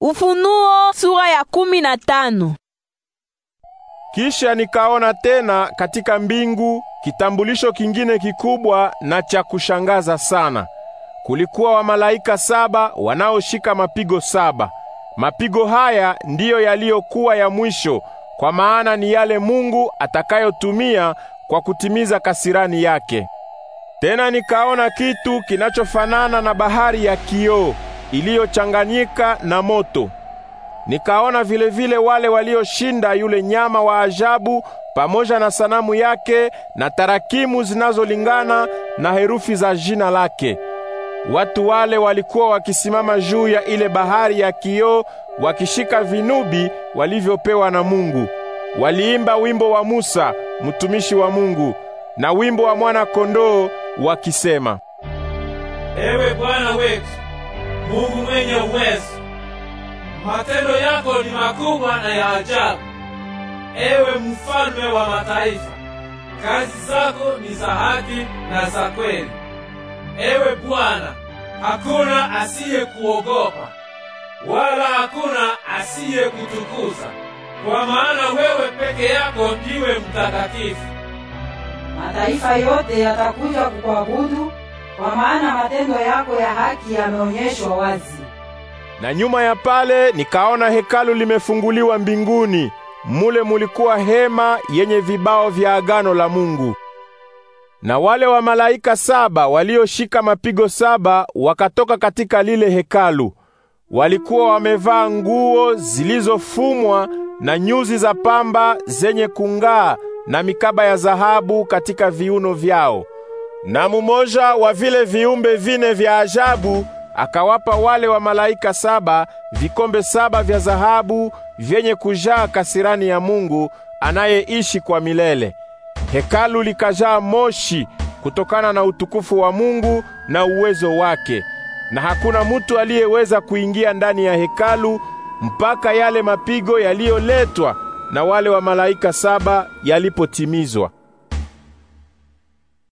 Ufunuo sura ya kumi na tano. Kisha nikaona tena katika mbingu kitambulisho kingine kikubwa na cha kushangaza sana. Kulikuwa wa malaika saba wanaoshika mapigo saba. Mapigo haya ndiyo yaliyokuwa ya mwisho, kwa maana ni yale Mungu atakayotumia kwa kutimiza kasirani yake. Tena nikaona kitu kinachofanana na bahari ya kioo iliyochanganyika na moto. Nikaona vile vile wale walioshinda yule nyama wa ajabu pamoja na sanamu yake na tarakimu zinazolingana na herufi za jina lake. Watu wale walikuwa wakisimama juu ya ile bahari ya kioo wakishika vinubi walivyopewa na Mungu. Waliimba wimbo wa Musa mtumishi wa Mungu na wimbo wa mwana kondoo wakisema, Ewe Bwana wetu Mungu mwenye uwezo. Matendo yako ni makubwa na ya ajabu, ewe mfalme wa mataifa. Kazi zako ni za haki na za kweli. Ewe Bwana, hakuna asiyekuogopa wala hakuna asiyekutukuza, kwa maana wewe peke yako ndiwe mtakatifu. Mataifa yote yatakuja kukuabudu kwa maana matendo yako ya haki yameonyeshwa wazi. Na nyuma ya pale nikaona hekalu limefunguliwa mbinguni. Mule mulikuwa hema yenye vibao vya agano la Mungu. Na wale wa malaika saba walioshika mapigo saba wakatoka katika lile hekalu. Walikuwa wamevaa nguo zilizofumwa na nyuzi za pamba zenye kung'aa na mikaba ya dhahabu katika viuno vyao. Na mumoja wa vile viumbe vine vya ajabu akawapa wale wa malaika saba vikombe saba vya dhahabu vyenye kujaa kasirani ya Mungu anayeishi kwa milele. Hekalu likajaa moshi kutokana na utukufu wa Mungu na uwezo wake, na hakuna mutu aliyeweza kuingia ndani ya hekalu mpaka yale mapigo yaliyoletwa na wale wa malaika saba yalipotimizwa.